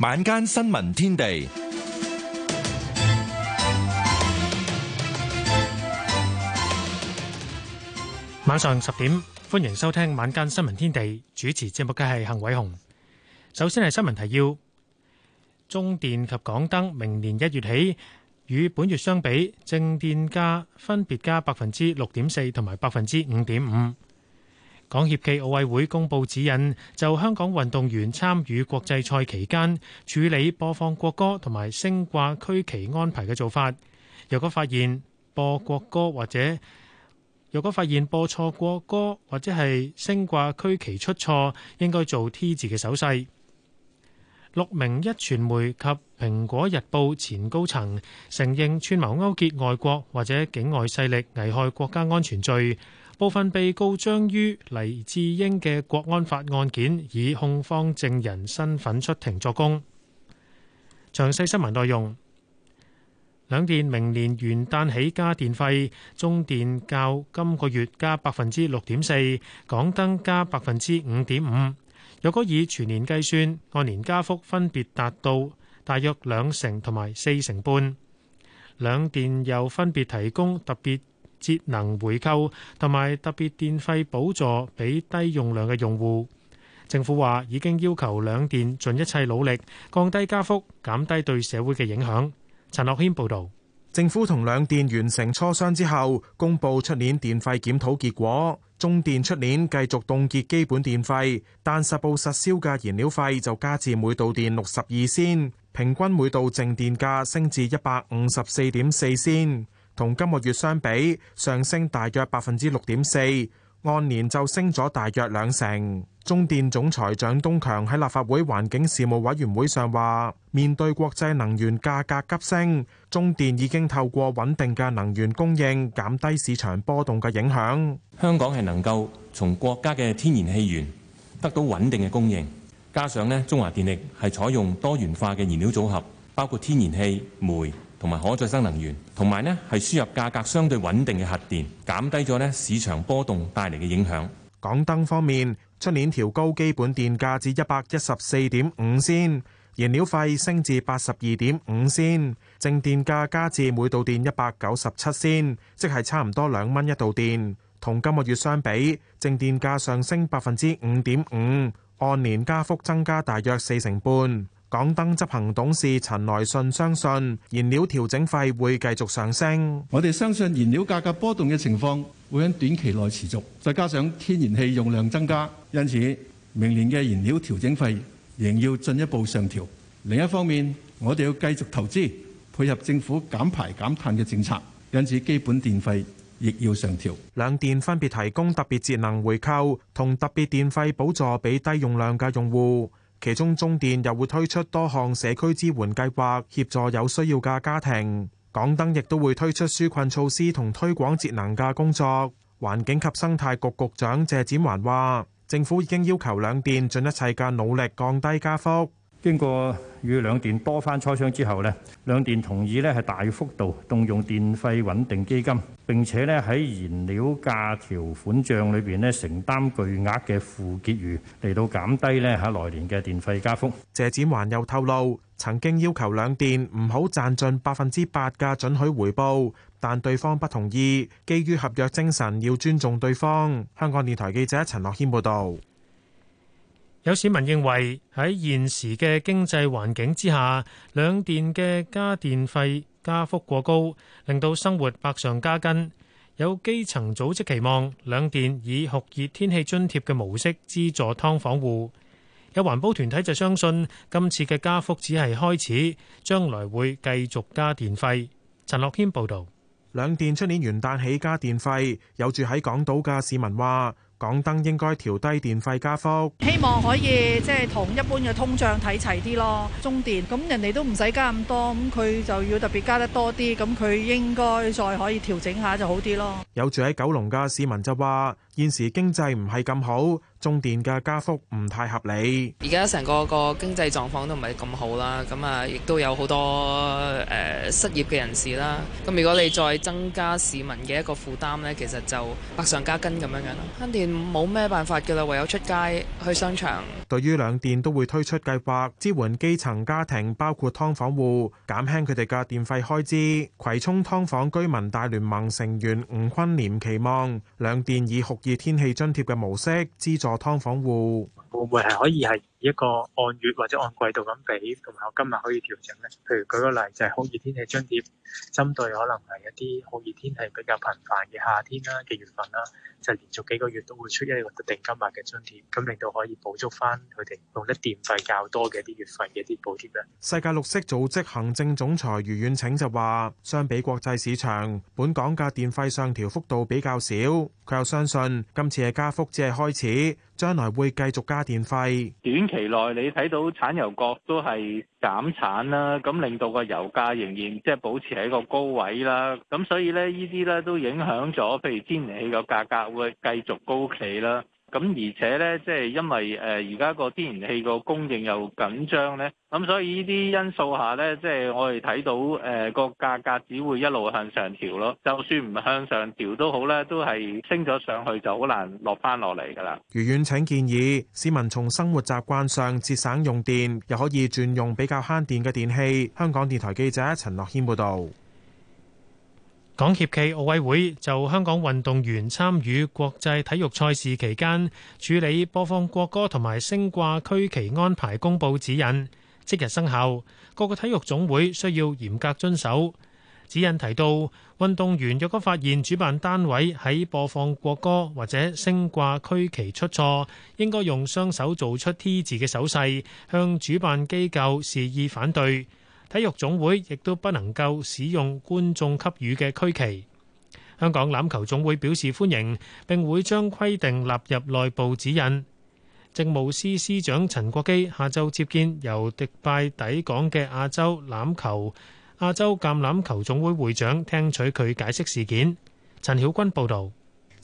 晚間新聞天地，晚上十點歡迎收聽晚間新聞天地，主持節目嘅係幸偉雄。首先係新聞提要：中電及港燈明年一月起，與本月相比，正電價分別加百分之六點四同埋百分之五點五。港協暨奧委會公佈指引，就香港運動員參與國際賽期間處理播放國歌同埋升掛區旗安排嘅做法。若果發現播國歌，或者若果發現播錯國歌或者係升掛區旗出錯，應該做 T 字嘅手勢。六名壹傳媒及蘋果日報前高層承認串謀勾結外國或者境外勢力危害國家安全罪。部分被告將於黎智英嘅國安法案件以控方證人身份出庭作供。詳細新聞內容，兩電明年元旦起加電費，中電較今個月加百分之六點四，港燈加百分之五點五。若果以全年計算，按年加幅分別達到大約兩成同埋四成半。兩電又分別提供特別。節能回購同埋特別電費補助俾低用量嘅用戶。政府話已經要求兩電盡一切努力降低加幅，減低對社會嘅影響。陳樂謙報道。政府同兩電完成磋商之後，公布出年電費檢討結果。中電出年繼續凍結基本電費，但實報實銷嘅燃料費就加至每度電六十二仙，平均每度淨電價升至一百五十四點四仙。同今個月相比，上升大約百分之六點四，按年就升咗大約兩成。中電總裁蔣東強喺立法會環境事務委員會上話，面對國際能源價格急升，中電已經透過穩定嘅能源供應，減低市場波動嘅影響。香港係能夠從國家嘅天然氣源得到穩定嘅供應，加上呢，中華電力係採用多元化嘅燃料組合，包括天然氣、煤。同埋可再生能源，同埋呢，係輸入價格相對穩定嘅核電，減低咗呢市場波動帶嚟嘅影響。港燈方面，出年調高基本電價至一百一十四點五仙，燃料費升至八十二點五仙，正電價加至每度電一百九十七仙，即係差唔多兩蚊一度電。同今個月相比，正電價上升百分之五點五，按年加幅增加大約四成半。港燈執行董事陳來信相信燃料調整費會繼續上升。我哋相信燃料價格波動嘅情況會喺短期內持續，再加上天然氣用量增加，因此明年嘅燃料調整費仍要進一步上調。另一方面，我哋要繼續投資配合政府減排減碳嘅政策，因此基本電費亦要上調。兩電分別提供特別節能回扣同特別電費補助俾低用量嘅用戶。其中，中電又會推出多項社區支援計劃，協助有需要嘅家庭，港燈亦都會推出紓困措施同推廣節能嘅工作。環境及生態局局長謝展寰話，政府已經要求兩電盡一切嘅努力降低加幅。經過與兩電多番磋商之後咧，兩電同意咧係大幅度動用電費穩定基金，並且咧喺燃料價條款賬裏邊咧承擔巨額嘅負結餘，嚟到減低咧喺來年嘅電費加幅。謝展環又透露，曾經要求兩電唔好賺盡百分之八嘅準許回報，但對方不同意，基於合約精神要尊重對方。香港電台記者陳樂軒報導。有市民認為喺現時嘅經濟環境之下，兩電嘅加電費加幅過高，令到生活百上加斤。有基層組織期望兩電以酷熱天氣津貼嘅模式資助劏房戶。有環保團體就相信今次嘅加幅只係開始，將來會繼續加電費。陳樂軒報導，兩電出年元旦起加電費，有住喺港島嘅市民話。港燈應該調低電費加幅，希望可以即係同一般嘅通脹睇齊啲咯。中電咁人哋都唔使加咁多，咁佢就要特別加得多啲，咁佢應該再可以調整下就好啲咯。有住喺九龍嘅市民就話，現時經濟唔係咁好。供電嘅加幅唔太合理。而家成個個經濟狀況都唔係咁好啦，咁啊亦都有好多誒、呃、失業嘅人士啦。咁如果你再增加市民嘅一個負擔咧，其實就百上加斤咁樣樣咯。慳電冇咩辦法㗎啦，唯有出街去商場。對於兩電都會推出計劃支援基層家庭，包括劏房戶，減輕佢哋嘅電費開支。葵涌劏房居民大聯盟成員吳坤廉期望，兩電以酷熱天氣津貼嘅模式資助。哦、劏房戶會唔會係可以係，一個按月或者按季度咁俾，同埋金額可以調整呢。譬如舉個例，就係、是、酷熱天氣津貼，針對可能係一啲酷熱天氣比較頻繁嘅夏天啦嘅月份啦，就連續幾個月都會出一個定金額嘅津貼，咁令到可以補足返佢哋用得電費較多嘅啲月份嘅啲補貼咧。世界綠色組織行政總裁余遠騁就話：相比國際市場，本港嘅電費上調幅度比較少。佢又相信今次嘅加幅只係開始，將來會繼續加電費。短期。期內你睇到產油國都係減產啦，咁令到個油價仍然即係保持喺一個高位啦，咁所以咧呢啲咧都影響咗，譬如天然氣個價格會繼續高企啦。咁而且咧，即係因為誒而家個天然氣個供應又緊張咧，咁所以呢啲因素下咧，即係我哋睇到誒個價格只會一路向上調咯。就算唔向上調都好咧，都係升咗上去就好難落翻落嚟噶啦。如遠請建議市民從生活習慣上節省用電，又可以轉用比較慳電嘅電器。香港電台記者陳樂謙報道。港協暨奧委會就香港運動員參與國際體育賽事期間處理播放國歌同埋升掛區旗安排公佈指引，即日生效。各個體育總會需要嚴格遵守。指引提到，運動員若果發現主辦單位喺播放國歌或者升掛區旗出錯，應該用雙手做出 T 字嘅手勢，向主辦機構示意反對。體育總會亦都不能夠使用觀眾給予嘅區旗。香港欖球總會表示歡迎，並會將規定納入內部指引。政務司司長陳國基下晝接見由迪拜抵港嘅亞洲欖球亞洲橄欖球總會會長，聽取佢解釋事件。陳曉君報導。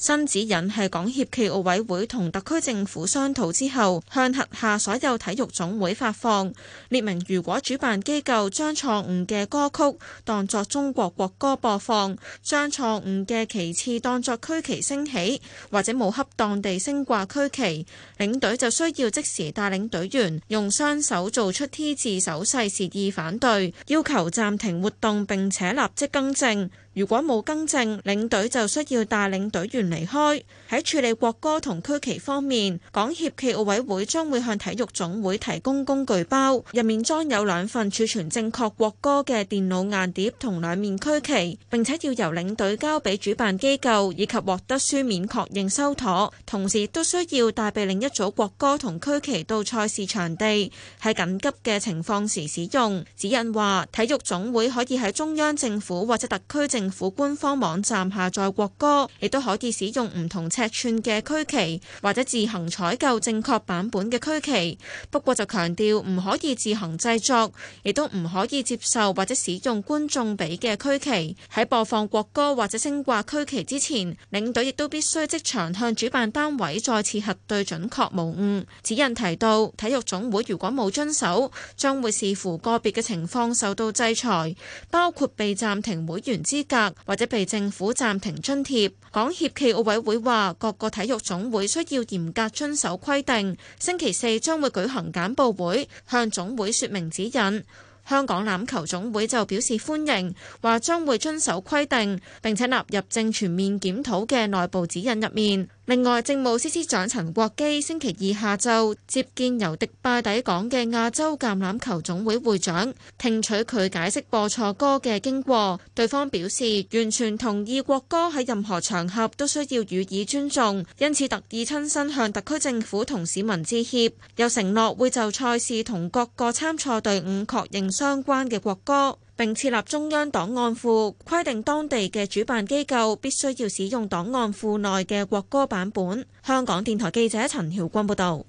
新指引係港協暨奧委會同特區政府商討之後，向轄下所有體育總會發放，列明如果主辦機構將錯誤嘅歌曲當作中國國歌播放，將錯誤嘅旗幟當作區旗升起，或者無恰當地升掛區旗，領隊就需要即時帶領隊員用雙手做出 T 字手勢示意反對，要求暫停活動並且立即更正。如果冇更正，領隊就需要帶領隊員離開。喺處理國歌同區旗方面，港協暨奧委會將會向體育總會提供工具包，入面裝有兩份儲存正確國歌嘅電腦硬碟同兩面區旗。並且要由領隊交俾主辦機構，以及獲得書面確認收妥。同時亦都需要帶備另一組國歌同區旗到賽事場地，喺緊急嘅情況時使用。指引話，體育總會可以喺中央政府或者特區政政府官方網站下載國歌，亦都可以使用唔同尺寸嘅區旗，或者自行採購正確版本嘅區旗。不過就強調唔可以自行製作，亦都唔可以接受或者使用觀眾俾嘅區旗。喺播放國歌或者升掛區旗之前，領隊亦都必須即場向主辦單位再次核對準確無誤。指引提到，體育總會如果冇遵守，將會視乎個別嘅情況受到制裁，包括被暫停會員之。或者被政府暫停津貼。港協暨奧委會話，各個體育總會需要嚴格遵守規定。星期四將會舉行簡報會，向總會說明指引。香港籃球總會就表示歡迎，話將會遵守規定，並且納入正全面檢討嘅內部指引入面。另外，政務司司長陳國基星期二下晝接見由迪拜抵港嘅亞洲橄欖球總會會長，聽取佢解釋播錯歌嘅經過。對方表示完全同意國歌喺任何場合都需要予以尊重，因此特意親身向特區政府同市民致歉，又承諾會就賽事同各個參賽隊伍確認相關嘅國歌。並設立中央檔案庫，規定當地嘅主辦機構必須要使用檔案庫內嘅國歌版本。香港電台記者陳曉君報導。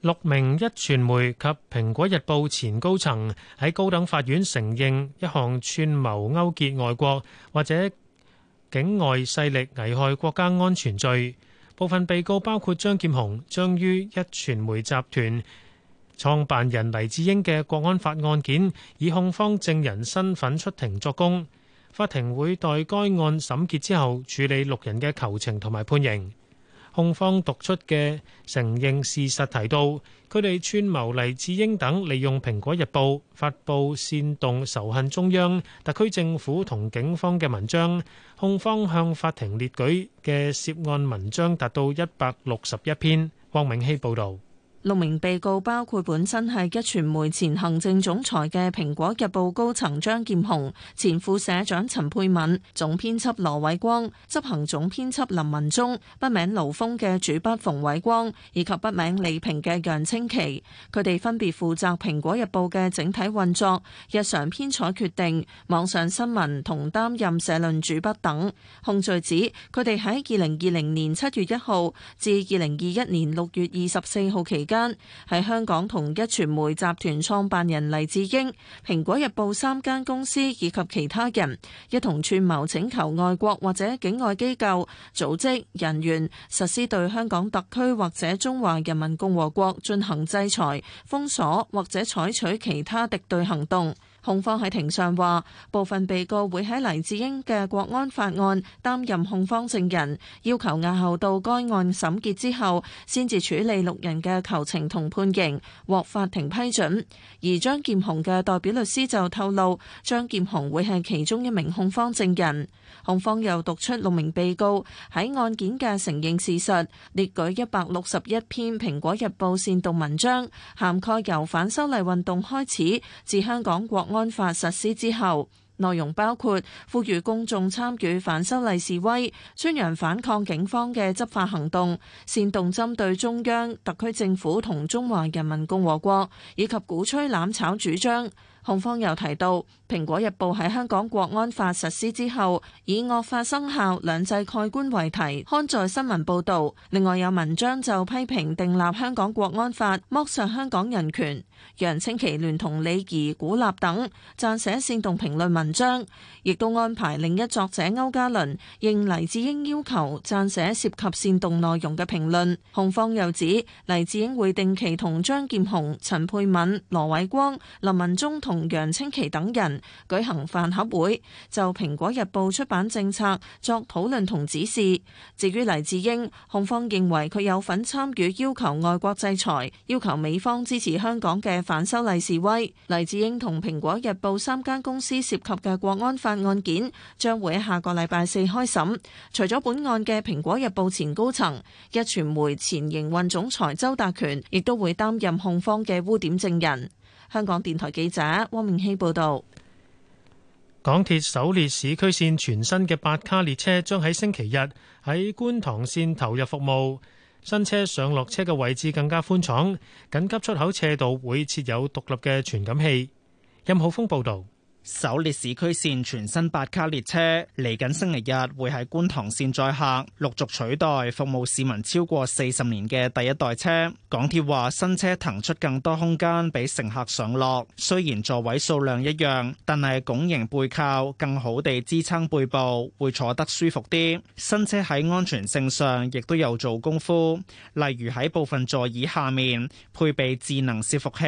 六名壹傳媒及蘋果日報前高層喺高等法院承認一項串謀勾結外國或者境外勢力危害國家安全罪，部分被告包括張劍虹，將於壹傳媒集團創辦人黎智英嘅國安法案件，以控方證人身份出庭作供。法庭會待該案審結之後處理六人嘅求情同埋判刑。控方讀出嘅承認事實提到，佢哋串謀黎智英等利用《蘋果日報》發布煽動仇恨中央、特區政府同警方嘅文章。控方向法庭列舉嘅涉案文章達到一百六十一篇。汪明希報道。六名被告包括本身係一傳媒前行政總裁嘅蘋果日報高層張劍雄、前副社長陳佩敏、總編輯羅偉光、執行總編輯林文忠、不名盧峰嘅主筆馮偉光，以及不名李平嘅楊清奇。佢哋分別負責蘋果日報嘅整體運作、日常編採決定、網上新聞同擔任社論主筆等。控罪指佢哋喺二零二零年七月一號至二零二一年六月二十四號期間，喺香港同一傳媒集團創辦人黎智英、蘋果日報三間公司以及其他人，一同串謀請求外國或者境外機構、組織人員實施對香港特區或者中華人民共和國進行制裁、封鎖或者採取其他敵對行動。控方喺庭上話部分被告會喺黎智英嘅國安法案擔任控方證人，要求押後到該案審結之後先至處理六人嘅求情同判刑，獲法庭批准。而張劍雄嘅代表律師就透露，張劍雄會係其中一名控方證人。控方又讀出六名被告喺案件嘅承認事實，列舉一百六十一篇《蘋果日報》煽動文章，涵蓋由反修例運動開始至香港國安安法實施之後，內容包括呼籲公眾參與反修例示威、宣揚反抗警方嘅執法行動、煽動針對中央、特區政府同中華人民共和國，以及鼓吹攬炒主張。控方又提到，《蘋果日報》喺香港國安法實施之後，以惡法生效，兩制概觀為題刊載新聞報道。另外有文章就批評訂立香港國安法剝削香港人權，楊清奇聯同李怡古立等撰寫煽動評論文章，亦都安排另一作者歐嘉倫應黎智英要求撰寫涉及煽動內容嘅評論，控方又指，黎智英會定期同張劍虹、陳沛敏、羅偉光、林文忠同。同楊清奇等人舉行飯盒會，就《蘋果日報》出版政策作，作討論同指示。至於黎智英，控方認為佢有份參與要求外國制裁、要求美方支持香港嘅反修例示威。黎智英同《蘋果日報》三間公司涉及嘅國安法案件，將會喺下個禮拜四開審。除咗本案嘅《蘋果日報》前高層、《一傳媒》前營運總裁周達權，亦都會擔任控方嘅污點證人。香港電台記者汪明希報道：港鐵首列市區綫全新嘅八卡列車將喺星期日喺觀塘綫投入服務。新車上落車嘅位置更加寬敞，緊急出口斜道會設有獨立嘅傳感器。任浩峰報道。首列市區線全新八卡列車嚟緊星期日會喺觀塘線載客，陸續取代服務市民超過四十年嘅第一代車。港鐵話新車騰出更多空間俾乘客上落，雖然座位數量一樣，但係拱形背靠更好地支撐背部，會坐得舒服啲。新車喺安全性上亦都有做功夫，例如喺部分座椅下面配備智能伺服器，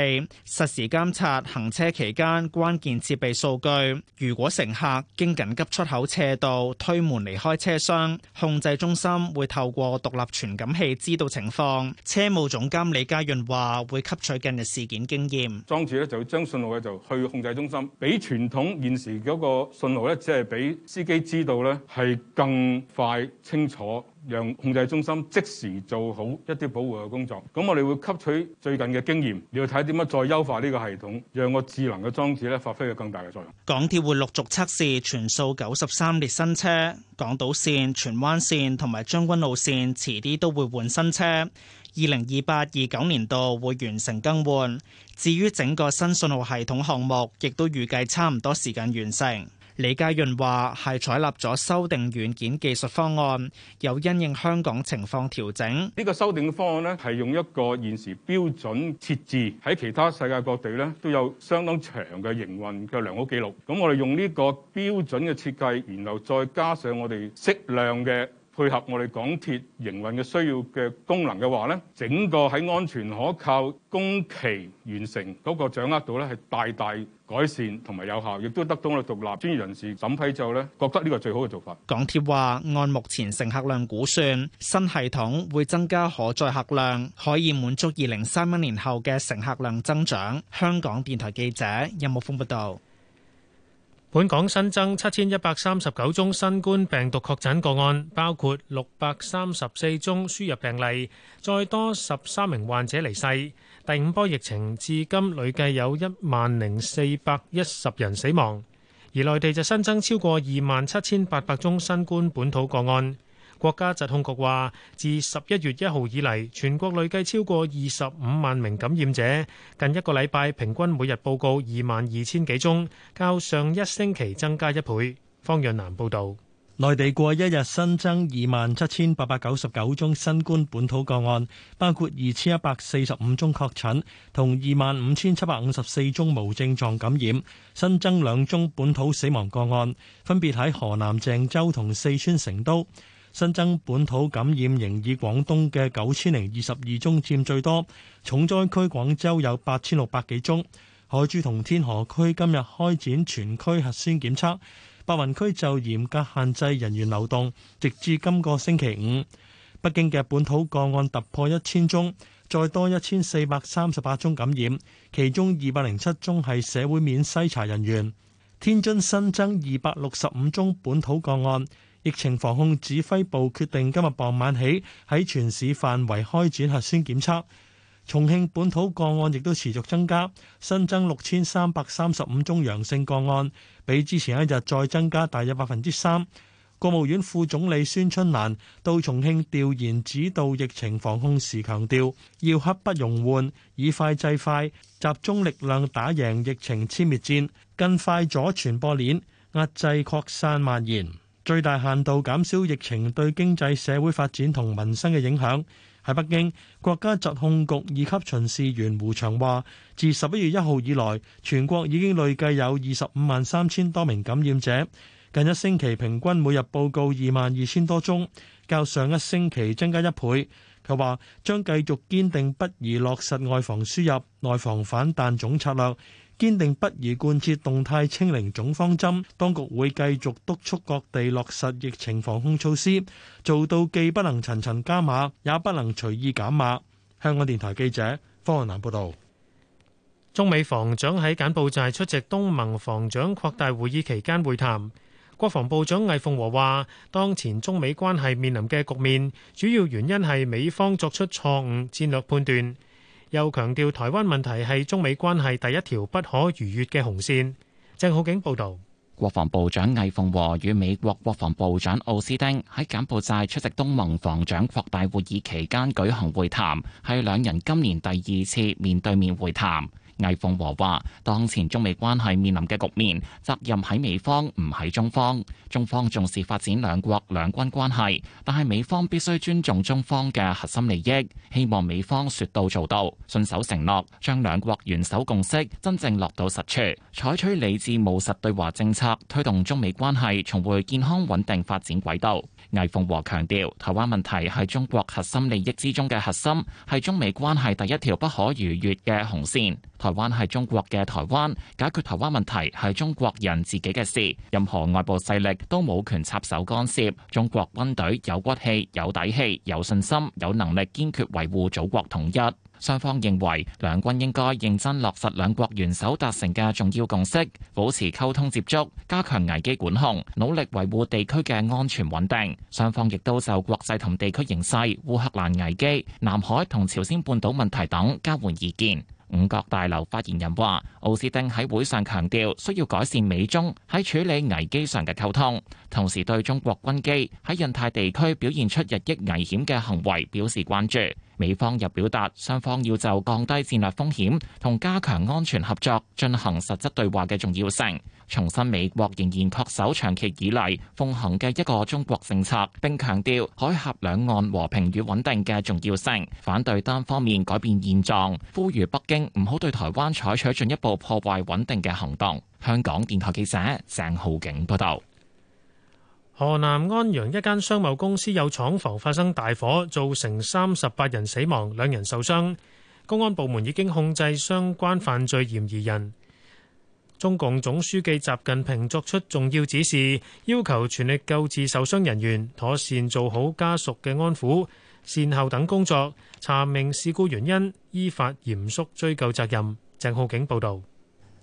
實時監察行車期間關鍵設備數。數據，如果乘客經緊急出口斜道推門離開車廂，控制中心會透過獨立傳感器知道情況。車務總監李家潤話，會吸取近日事件經驗。裝置咧就將訊號咧就去控制中心，比傳統現時嗰個信號咧，即係俾司機知道咧係更快清楚。讓控制中心即時做好一啲保護嘅工作。咁我哋會吸取最近嘅經驗，你要睇點樣再優化呢個系統，讓個智能嘅裝置咧發揮佢更大嘅作用。港鐵會陸續測試全數九十三列新車，港島線、荃灣線同埋將軍澳線遲啲都會換新車，二零二八二九年度會完成更換。至於整個新信號系統項目，亦都預計差唔多時間完成。李家潤話：係採納咗修訂軟件技術方案，有因應香港情況調整。呢個修訂嘅方案呢，係用一個現時標準設置，喺其他世界各地咧都有相當長嘅營運嘅良好記錄。咁我哋用呢個標準嘅設計，然後再加上我哋適量嘅配合，我哋港鐵營運嘅需要嘅功能嘅話呢，整個喺安全可靠、工期完成嗰個掌握度咧，係大大改善同埋有效，亦都得到咗獨立專業人士審批，就呢，覺得呢個最好嘅做法。港鐵話按目前乘客量估算，新系統會增加可載客量，可以滿足二零三一年後嘅乘客量增長。香港電台記者任木峰報道。本港新增七千一百三十九宗新冠病毒確診個案，包括六百三十四宗輸入病例，再多十三名患者離世。第五波疫情至今累計有一萬零四百一十人死亡，而內地就新增超過二萬七千八百宗新冠本土個案。國家疾控局話自十一月一號以嚟，全國累計超過二十五萬名感染者，近一個禮拜平均每日報告二萬二千幾宗，較上一星期增加一倍。方潤南報道。內地過一日新增二萬七千八百九十九宗新冠本土個案，包括二千一百四十五宗確診，同二萬五千七百五十四宗無症狀感染，新增兩宗本土死亡個案，分別喺河南鄭州同四川成都。新增本土感染仍以廣東嘅九千零二十二宗佔最多，重災區廣州有八千六百幾宗。海珠同天河區今日開展全區核酸檢測。白雲區就嚴格限制人員流動，直至今個星期五。北京嘅本土個案突破一千宗，再多一千四百三十八宗感染，其中二百零七宗係社會面篩查人員。天津新增二百六十五宗本土個案，疫情防控指揮部決定今日傍晚起喺全市範圍開展核酸檢測。重慶本土個案亦都持續增加，新增六千三百三十五宗陽性個案，比之前一日再增加大約百分之三。國務院副總理孫春蘭到重慶調研指導疫情防控時強調，強調要刻不容緩，以快制快，集中力量打贏疫情殲滅戰，更快阻傳播鏈，壓制擴散蔓延，最大限度減少疫情對經濟社會發展同民生嘅影響。喺北京，國家疾控局二級巡視員胡祥話：自十一月一號以來，全國已經累計有二十五萬三千多名感染者，近一星期平均每日報告二萬二千多宗，較上一星期增加一倍。佢話將繼續堅定不移落實外防輸入、內防反彈總策略。堅定不移貫徹動態清零總方針，當局會繼續督促各地落實疫情防控措施，做到既不能層層加碼，也不能隨意減碼。香港電台記者方翰南報道。中美防長喺柬埔寨出席東盟防長擴大會議期間會談，國防部長魏鳳和話，當前中美關係面臨嘅局面，主要原因係美方作出錯誤戰略判斷。又強調台灣問題係中美關係第一條不可逾越嘅紅線。鄭浩景報導。國防部長魏鳳和與美國國防部長奧斯汀喺柬埔寨出席東盟防長擴大會議期間舉行會談，係兩人今年第二次面對面會談。魏鳳和話：當前中美關係面臨嘅局面，責任喺美方，唔喺中方。中方重視發展兩國兩軍關係，但係美方必須尊重中方嘅核心利益，希望美方說到做到，信守承諾，將兩國元首共識真正落到實處，採取理智務實對華政策，推動中美關係重回健康穩定發展軌道。魏鳳和強調，台灣問題係中國核心利益之中嘅核心，係中美關係第一條不可逾越嘅紅線。台灣係中國嘅台灣，解決台灣問題係中國人自己嘅事，任何外部勢力都冇權插手干涉。中國軍隊有骨氣、有底氣、有信心、有能力，堅決維護祖國統一。雙方認為，兩軍應該認真落實兩國元首達成嘅重要共識，保持溝通接觸，加強危機管控，努力維護地區嘅安全穩定。雙方亦都就國際同地區形勢、烏克蘭危機、南海同朝鮮半島問題等交換意見。五角大樓發言人話，奧斯汀喺會上強調需要改善美中喺處理危機上嘅溝通，同時對中國軍機喺印太地區表現出日益危險嘅行為表示關注。美方又表達雙方要就降低戰略風險同加強安全合作進行實質對話嘅重要性，重申美國仍然恪守長期以嚟奉行嘅一個中國政策，並強調海峽兩岸和平與穩定嘅重要性，反對單方面改變現狀，呼籲北京唔好對台灣採取進一步破壞穩定嘅行動。香港電台記者鄭浩景報道，河南安陽一間商貿公司有廠房發生大火，造成三十八人死亡，兩人受傷。公安部門已經控制相關犯罪嫌疑人。中共總書記習近平作出重要指示，要求全力救治受傷人員，妥善做好家屬嘅安撫、善後等工作，查明事故原因，依法嚴肅追究責任。鄭浩景報道。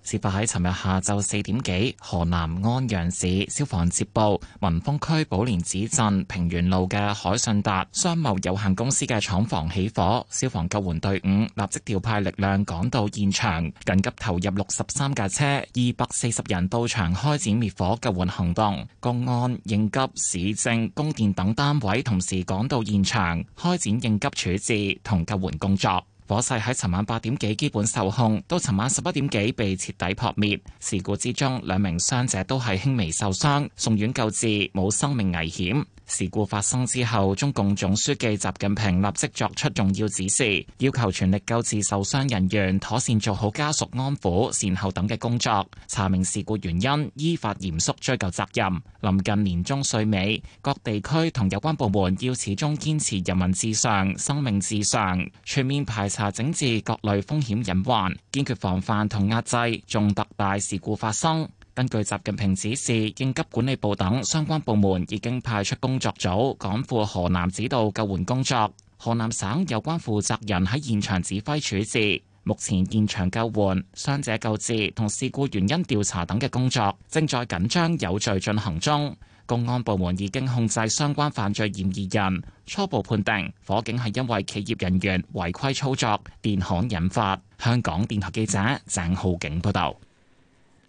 事發喺尋日下晝四點幾，河南安陽市消防接報，文峰區寶蓮寺鎮平原路嘅海信達商貿有限公司嘅廠房起火，消防救援隊伍立即調派力量趕到現場，緊急投入六十三架車、二百四十人到場開展滅火救援行動。公安、應急、市政、供電等單位同時趕到現場，開展應急處置同救援工作。火勢喺尋晚八點幾基本受控，到尋晚十一點幾被徹底撲滅。事故之中，兩名傷者都係輕微受傷，送院救治，冇生命危險。事故發生之後，中共總書記習近平立即作出重要指示，要求全力救治受傷人員，妥善做好家屬安撫、善後等嘅工作，查明事故原因，依法嚴肅追究責任。臨近年終歲尾，各地區同有關部門要始終堅持人民至上、生命至上，全面排查整治各類風險隱患，堅決防範同壓制重特大事故發生。根據習近平指示，應急管理部等相關部門已經派出工作組，趕赴河南指導救援工作。河南省有關負責人喺現場指揮處置，目前現場救援、傷者救治、同事故原因調查等嘅工作，正在緊張有序進行中。公安部門已經控制相關犯罪嫌疑人。初步判定，火警係因為企業人員違規操作，電焊引發，香港電台記者鄭浩景報道。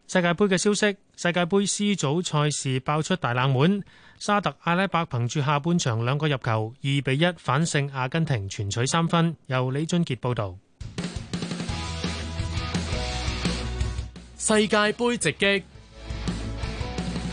世界杯嘅消息，世界杯 C 組賽事爆出大冷門，沙特阿拉伯憑住下半場兩個入球，二比一反勝阿根廷，全取三分。由李俊杰報道。世界杯直擊。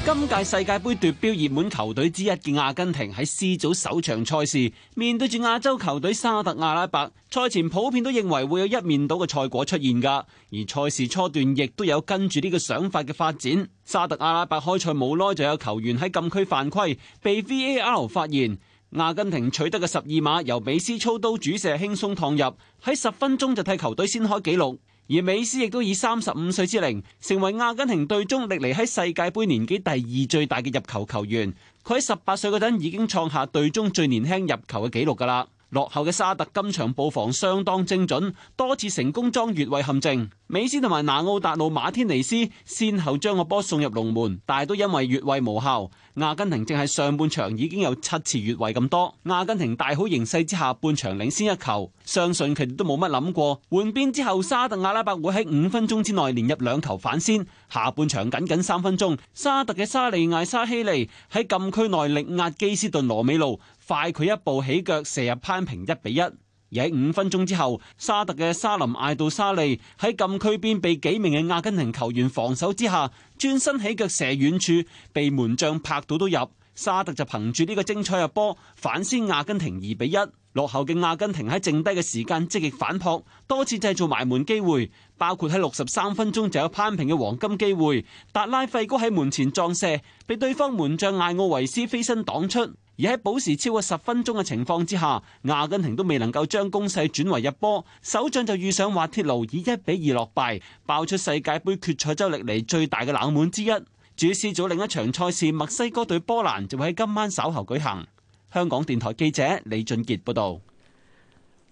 今屆世界杯奪標熱門球隊之一嘅阿根廷喺 C 組首場賽事面對住亞洲球隊沙特阿拉伯，賽前普遍都認為會有一面倒嘅賽果出現噶。而賽事初段亦都有跟住呢個想法嘅發展。沙特阿拉伯開賽冇耐就有球員喺禁區犯規，被 VAR 發現。阿根廷取得嘅十二碼由美斯操刀主射輕鬆趟入，喺十分鐘就替球隊先開紀錄。而美斯亦都以三十五歲之齡，成為阿根廷隊中歷嚟，喺世界杯年紀第二最大嘅入球球員，佢喺十八歲嗰陣已經創下隊中最年輕入球嘅紀錄㗎啦。落後嘅沙特今場佈防相當精準，多次成功裝越位陷阱。美斯同埋拿奧達魯馬天尼斯先後將個波送入龍門，但係都因為越位無效。阿根廷淨係上半場已經有七次越位咁多。阿根廷大好形勢之下，半場領先一球，相信佢哋都冇乜諗過。換邊之後，沙特阿拉伯會喺五分鐘之內連入兩球反先。下半場僅僅三分鐘，沙特嘅沙利艾沙希利喺禁區內力壓基斯頓羅美路，快佢一步起腳射入攀平一比一，而喺五分鐘之後，沙特嘅沙林艾杜沙利喺禁區邊被幾名嘅阿根廷球員防守之下轉身起腳射遠處，被門將拍到都入。沙特就憑住呢個精彩入波反先阿根廷二比一。落後嘅阿根廷喺剩低嘅時間積極反撲，多次製造埋門機會，包括喺六十三分鐘就有攀平嘅黃金機會，達拉費高喺門前撞射，被對方門將艾奧維斯飛身擋出。而喺補時超過十分鐘嘅情況之下，阿根廷都未能夠將攻勢轉為入波，首仗就遇上滑鐵盧，以一比二落敗，爆出世界盃決賽周歷嚟最大嘅冷門之一。主師組另一場賽事墨西哥對波蘭就會喺今晚稍後舉行。香港電台記者李俊傑報道。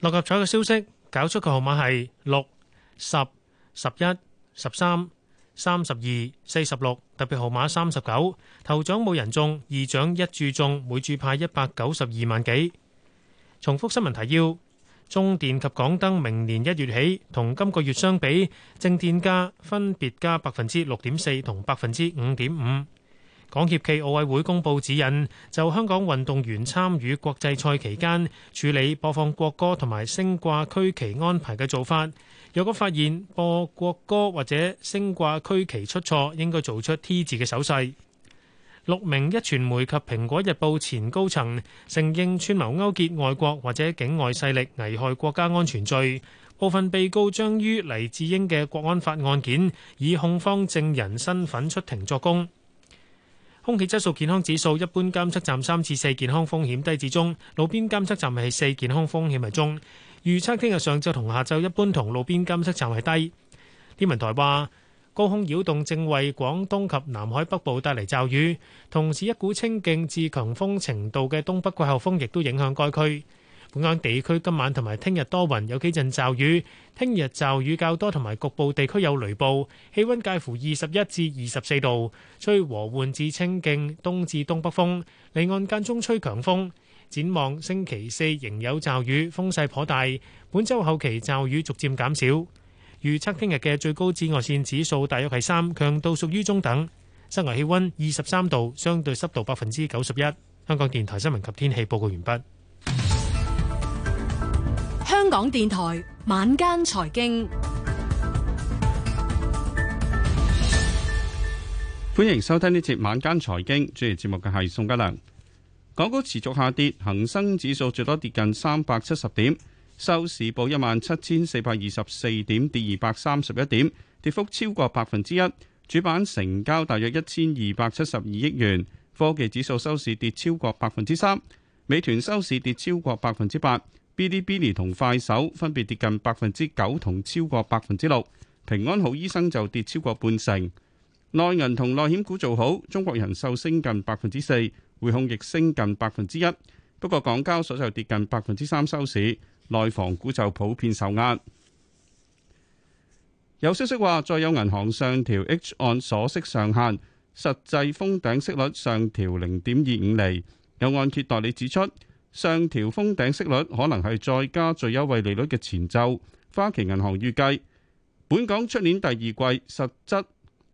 六合彩嘅消息，搞出個號碼係六、十、十一、十三、三十二、四十六，特別號碼三十九，頭獎冇人中，二獎一注中，每注派一百九十二萬幾。重複新聞提要：中電及港燈明年一月起，同今個月相比，正電價分別加百分之六點四同百分之五點五。港協暨奧委會公佈指引，就香港運動員參與國際賽期間處理播放國歌同埋升掛區旗安排嘅做法。若果發現，播國歌或者升掛區旗出錯，應該做出 T 字嘅手勢。六名壹傳媒及《蘋果日報》前高層承認串謀勾結外國或者境外勢力，危害國家安全罪。部分被告將於黎智英嘅《國安法》案件，以控方證人身份出庭作供。空氣質素健康指數，一般監測站三至四健康風險低至中，路邊監測站係四健康風險係中。預測聽日上晝同下晝一般，同路邊監測站係低。天文台話高空擾動正為廣東及南海北部帶嚟驟雨，同時一股清勁至強風程度嘅東北季候風亦都影響該區。本港地區今晚同埋聽日多雲，有幾陣驟雨。聽日驟雨較多，同埋局部地區有雷暴。氣溫介乎二十一至二十四度，吹和緩至清勁東至東北風，離岸間中吹強風。展望星期四仍有驟雨，風勢頗大。本周後期驟雨逐漸減少。預測聽日嘅最高紫外線指數大約係三，強度屬於中等。室外氣溫二十三度，相對濕度百分之九十一。香港電台新聞及天氣報告完畢。香港電台晚間財經，歡迎收聽呢節晚間財經。主持節目嘅係宋家良。港股持續下跌，恒生指數最多跌近三百七十點，收市報一萬七千四百二十四點，跌二百三十一點，跌幅超過百分之一。主板成交大約一千二百七十二億元。科技指數收市跌超過百分之三，美團收市跌超過百分之八，Bilibili 同快手分別跌近百分之九同超過百分之六。平安好醫生就跌超過半成。內銀同內險股做好，中國人壽升近百分之四。匯控亦升近百分之一，不過港交所就跌近百分之三收市，內房股就普遍受壓。有消息話，再有銀行上調 H 按鎖息上限，實際封頂息率上調零點二五厘。有按揭代理指出，上調封頂息率可能係再加最優惠利率嘅前奏。花旗銀行預計，本港出年第二季實質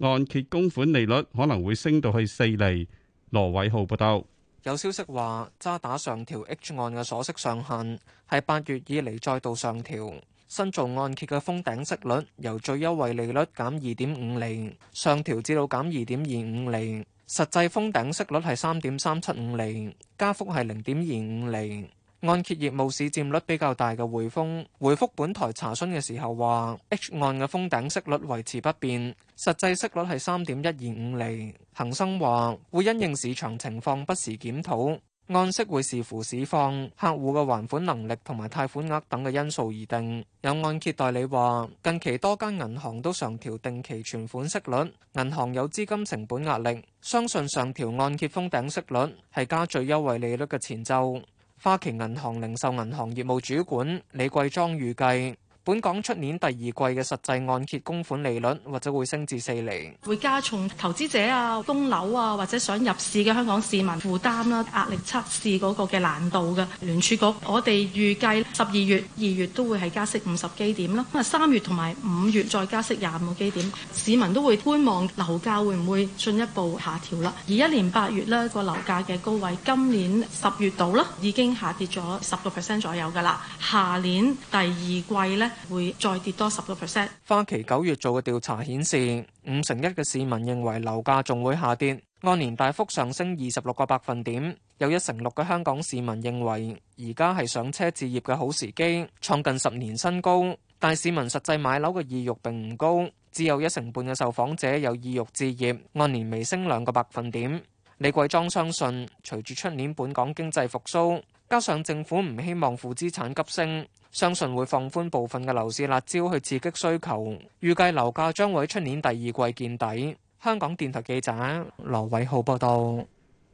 按揭供款利率可能會升到去四厘。羅偉浩報道，有消息話渣打上調 H 案嘅鎖息上限，係八月以嚟，再度上調新造按揭嘅封頂息率，由最優惠利率減二點五厘上調至到減二點二五厘，實際封頂息率係三點三七五厘，加幅係零點二五厘。按揭業務市佔率比較大嘅匯豐回覆本台查詢嘅時候話，H 按嘅封頂息率維持不變，實際息率係三點一二五厘。恒生話會因應市場情況不時檢討按息，會視乎市況、客戶嘅還款能力同埋貸款額等嘅因素而定。有按揭代理話，近期多間銀行都上調定期存款息率，銀行有資金成本壓力，相信上調按揭封頂息率係加最優惠利率嘅前奏。花旗銀行零售銀行業務主管李桂莊預計。本港出年第二季嘅實際按揭供款利率或者會升至四厘，會加重投資者啊、供樓啊或者想入市嘅香港市民負擔啦、壓力測試嗰個嘅難度嘅。聯儲局我哋預計十二月、二月都會係加息五十基點啦，咁啊三月同埋五月再加息廿五個基點，市民都會觀望樓價會唔會進一步下調啦。而一年八月呢個樓價嘅高位，今年十月度啦已經下跌咗十個 percent 左右噶啦，下年第二季咧。會再跌多十個 percent。花旗九月做嘅調查顯示，五成一嘅市民認為樓價仲會下跌，按年大幅上升二十六個百分點。有一成六嘅香港市民認為而家係上車置業嘅好時機，創近十年新高。但市民實際買樓嘅意欲並唔高，只有一成半嘅受訪者有意欲置業，按年微升兩個百分點。李桂莊相信，隨住出年本港經濟復甦，加上政府唔希望負資產急升。相信會放寬部分嘅樓市辣招去刺激需求，預計樓價將會出年第二季見底。香港電台記者羅偉浩報道。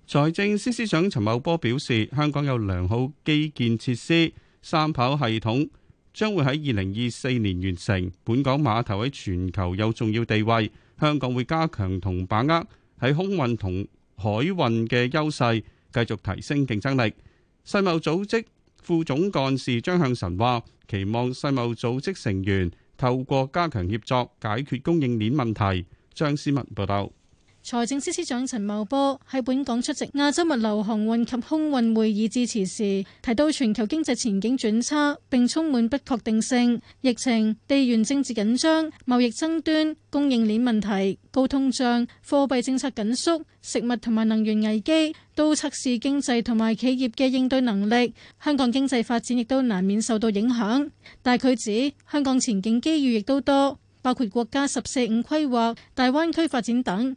財政司司長陳茂波表示，香港有良好基建設施，三跑系統將會喺二零二四年完成。本港碼頭喺全球有重要地位，香港會加強同把握喺空運同海運嘅優勢，繼續提升競爭力。世貿組織副總幹事張向晨話：期望世貿組織成員透過加強協作，解決供應鏈問題。張思文報道。財政司司長陳茂波喺本港出席亞洲物流、航運及空運會議致辭時，提到全球經濟前景轉差，並充滿不確定性。疫情、地緣政治緊張、貿易爭端、供應鏈問題、高通脹、貨幣政策緊縮、食物同埋能源危機，都測試經濟同埋企業嘅應對能力。香港經濟發展亦都難免受到影響，但佢指香港前景機遇亦都多，包括國家十四五規劃、大灣區發展等。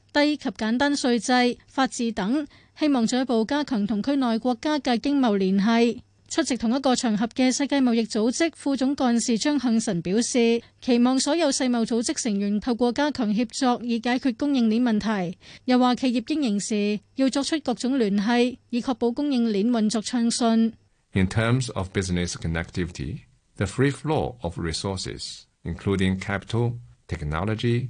低及簡單稅制、法治等，希望進一步加強同區內國家嘅經貿聯繫。出席同一個場合嘅世界貿易組織副總幹事張向晨表示，期望所有世貿組織成員透過加強協作，以解決供應鏈問題。又話企業經營時要作出各種聯繫，以確保供應鏈運作暢順。In terms of business connectivity, the free flow of resources, including capital, technology.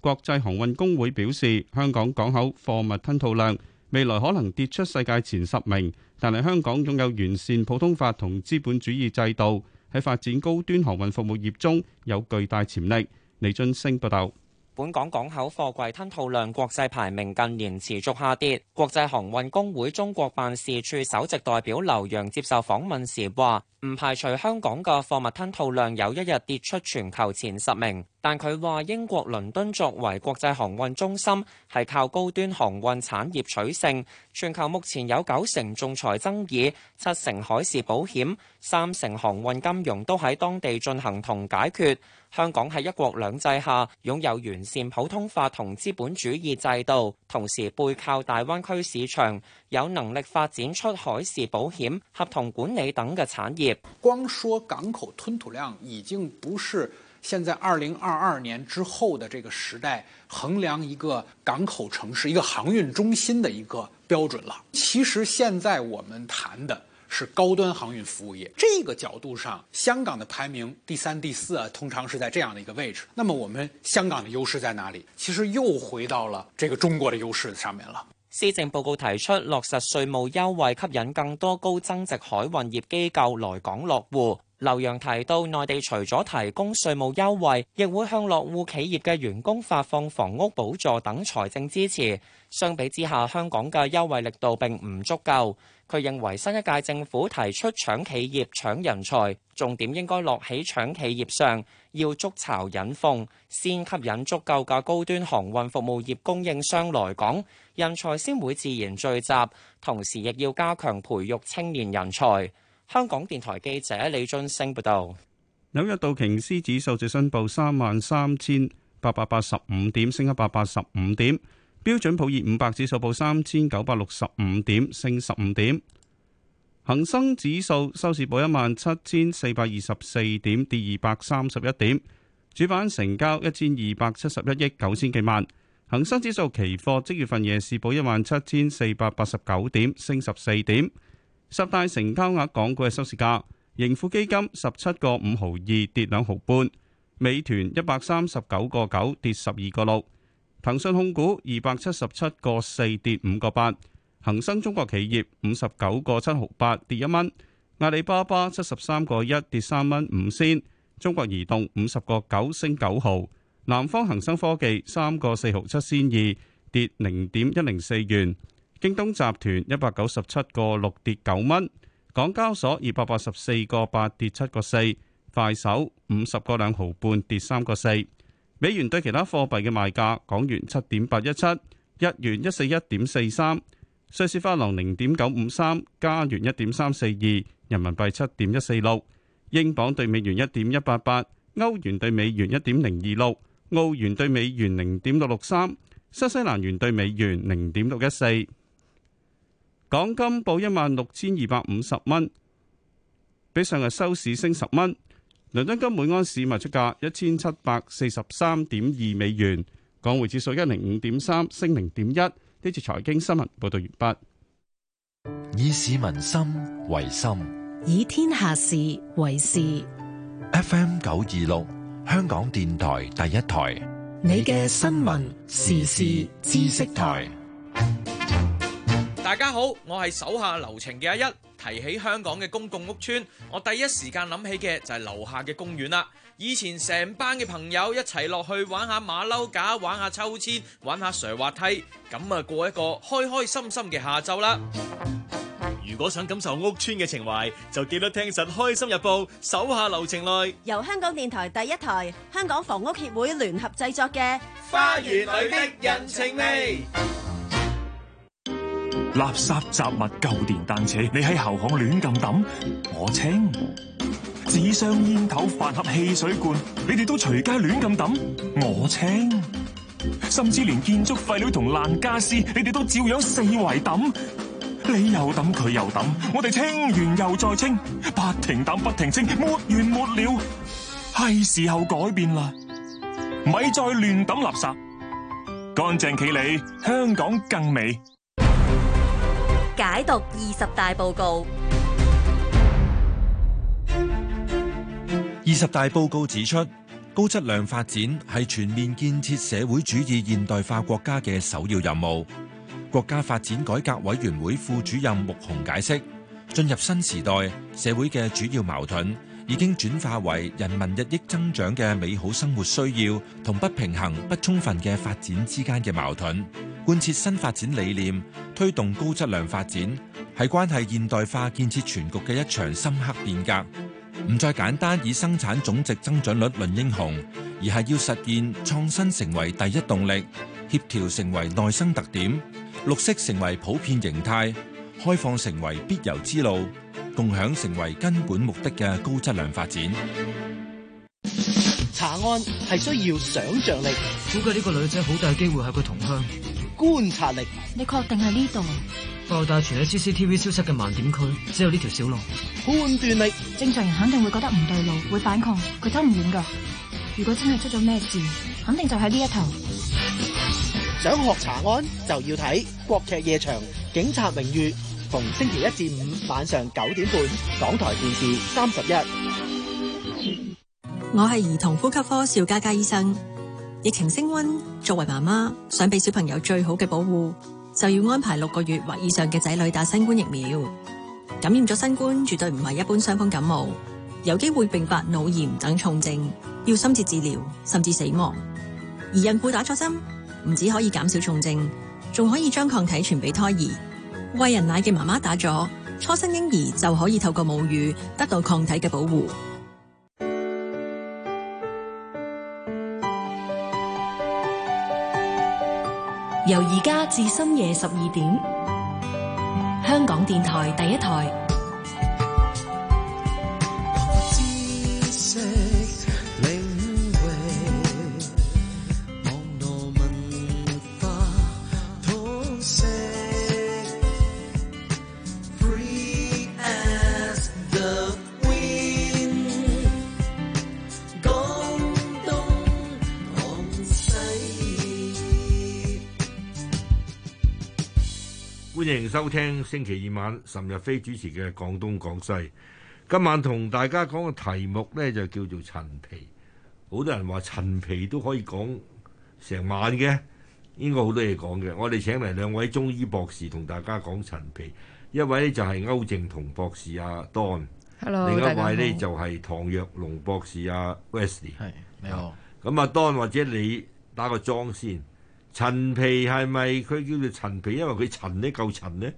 國際航運公會表示，香港港口貨物吞吐量未來可能跌出世界前十名，但係香港擁有完善普通法同資本主義制度，喺發展高端航運服務業中有巨大潛力。李俊升報道，本港港口貨櫃吞吐量國際排名近年持續下跌。國際航運公會中國辦事處首席代表劉洋接受訪問時話。唔排除香港嘅貨物吞吐量有一日跌出全球前十名，但佢話英國倫敦作為國際航運中心，係靠高端航運產業取勝。全球目前有九成仲裁爭議、七成海事保險、三成航運金融都喺當地進行同解決。香港喺一國兩制下擁有完善普通法同資本主義制度，同時背靠大灣區市場。有能力發展出海事保險、合同管理等的產業。光說港口吞吐量已經不是現在二零二二年之後的這個時代衡量一個港口城市、一個航運中心的一個標準了。其實現在我們談的是高端航運服務業，這個角度上，香港的排名第三、第四啊，通常是在這樣的一個位置。那麼我們香港的優勢在哪裏？其實又回到了這個中國的優勢上面了。施政報告提出落實稅務優惠，吸引更多高增值海運業機構來港落戶。劉洋提到，內地除咗提供稅務優惠，亦會向落戶企業嘅員工發放房屋補助等財政支持。相比之下，香港嘅優惠力度並唔足夠。佢認為新一屆政府提出搶企業、搶人才，重點應該落喺搶企業上，要築巢引鳳，先吸引足夠嘅高端航運服務業供應商來港。人才先會自然聚集，同時亦要加強培育青年人才。香港電台記者李俊昇報道：紐約道瓊斯指數最新報三萬三千八百八十五點，升一百八十五點。標準普爾五百指數報三千九百六十五點，升十五點。恒生指數收市報一萬七千四百二十四點，跌二百三十一點。主板成交一千二百七十一億九千幾萬。恒生指數期貨即月份夜市報一萬七千四百八十九點，升十四點。十大成交額港股嘅收市價：盈富基金十七個五毫二，跌兩毫半；美團一百三十九個九，跌十二個六；騰訊控股二百七十七個四，跌五個八；恒生中國企業五十九個七毫八，跌一蚊；阿里巴巴七十三個一，跌三蚊五仙；中國移動五十個九，升九毫。南方恒生科技三個四毫七仙二跌零點一零四元，京東集團一百九十七個六跌九蚊，港交所二百八十四個八跌七個四，快手五十個兩毫半跌三個四。美元對其他貨幣嘅賣價，港元七點八一七，日元一四一點四三，瑞士法郎零點九五三，加元一點三四二，人民幣七點一四六，英鎊對美元一點一八八，歐元對美元一點零二六。澳元兌美元零點六六三，新西蘭元兌美元零點六一四，港金報一萬六千二百五十蚊，比上日收市升十蚊。倫敦金每安士賣出價一千七百四十三點二美元，港匯指數一零五點三升零點一。呢次財經新聞報道完畢。以市民心為心，以天下事為事。FM 九二六。香港電台第一台，你嘅新聞時事知識台。大家好，我係手下留情嘅阿一。提起香港嘅公共屋邨，我第一時間諗起嘅就係樓下嘅公園啦。以前成班嘅朋友一齊落去玩下馬騮架，玩下秋千，玩下垂滑梯，咁啊過一個開開心心嘅下晝啦。如果想感受屋村嘅情懷，就記得聽實《開心日報》，手下留情內。由香港電台第一台、香港房屋協會聯合製作嘅《花園裏的人情味》。垃圾雜物、舊電單車，你喺後巷亂咁抌，我清；紙箱、煙頭、飯盒、汽水罐，你哋都隨街亂咁抌，我清；甚至連建築廢料同爛家私，你哋都照樣四圍抌。你又抌，佢又抌，我哋清完又再清，不停抌，不停清，沒完沒了。係時候改變啦，咪再亂抌垃圾，乾淨企理，香港更美。解讀二十大報告。二十大報告指出，高質量發展係全面建設社會主義現代化國家嘅首要任務。國家發展改革委員會副主任穆虹解釋：進入新時代，社會嘅主要矛盾已經轉化為人民日益增長嘅美好生活需要同不平衡不充分嘅發展之間嘅矛盾。貫徹新發展理念，推動高質量發展，係關係現代化建設全局嘅一場深刻變革。唔再簡單以生產總值增長率論英雄，而係要實現創新成為第一動力，協調成為內生特點，綠色成為普遍形態，開放成為必由之路，共享成為根本目的嘅高質量發展。查案係需要想象力，估計呢個女仔好大機會係佢同鄉。觀察力，你確定喺呢度？爆道傳喺 CCTV 消失嘅盲點區，只有呢條小路。判斷力，正常人肯定會覺得唔對路，會反抗，佢走唔遠噶。如果真係出咗咩事，肯定就喺呢一頭。想學查案就要睇國劇夜場《警察榮譽》，逢星期一至五晚上九點半，港台電視三十一。我係兒童呼吸科邵嘉嘉醫生。疫情升温，作為媽媽想俾小朋友最好嘅保護，就要安排六個月或以上嘅仔女打新冠疫苗。感染咗新冠絕對唔係一般傷風感冒，有機會併發腦炎等重症，要深切治療，甚至死亡。而孕婦打錯針？唔止可以減少重症，仲可以將抗體傳俾胎兒。餵人奶嘅媽媽打咗，初生嬰兒就可以透過母乳得到抗體嘅保護。由而家至深夜十二點，香港電台第一台。歡迎收聽星期二晚岑日飛主持嘅《廣東廣西》。今晚同大家講嘅題目呢，就叫做陳皮。好多人話陳皮都可以講成晚嘅，應該好多嘢講嘅。我哋請嚟兩位中醫博士同大家講陳皮，一位呢就係歐靜同博士阿、啊、Don，Hello，另一位呢就係唐若龍博士阿、啊、Wesley 係，你好。咁阿、啊啊、Don 或者你打個樁先。陳皮係咪佢叫做陳皮？因為佢陳咧，夠陳咧，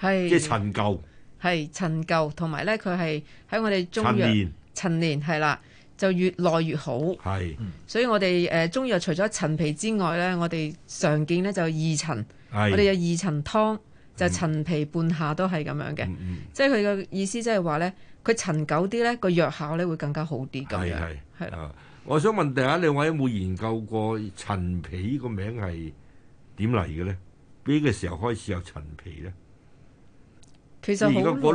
是即係陳舊。係陳舊，同埋咧，佢係喺我哋中藥陳年係啦，就越耐越好。係是，所以我哋誒、呃、中藥除咗陳皮之外咧，我哋常見咧就二陳。是我哋有二陳湯，就陳皮半夏都係咁樣嘅。即係佢嘅意思，即係話咧，佢陳久啲咧，個藥效咧會更加好啲咁樣。係係係。我想問大家。第一兩位有冇研究過，陳皮個名係點嚟嘅咧？邊個時候開始有陳皮咧？其實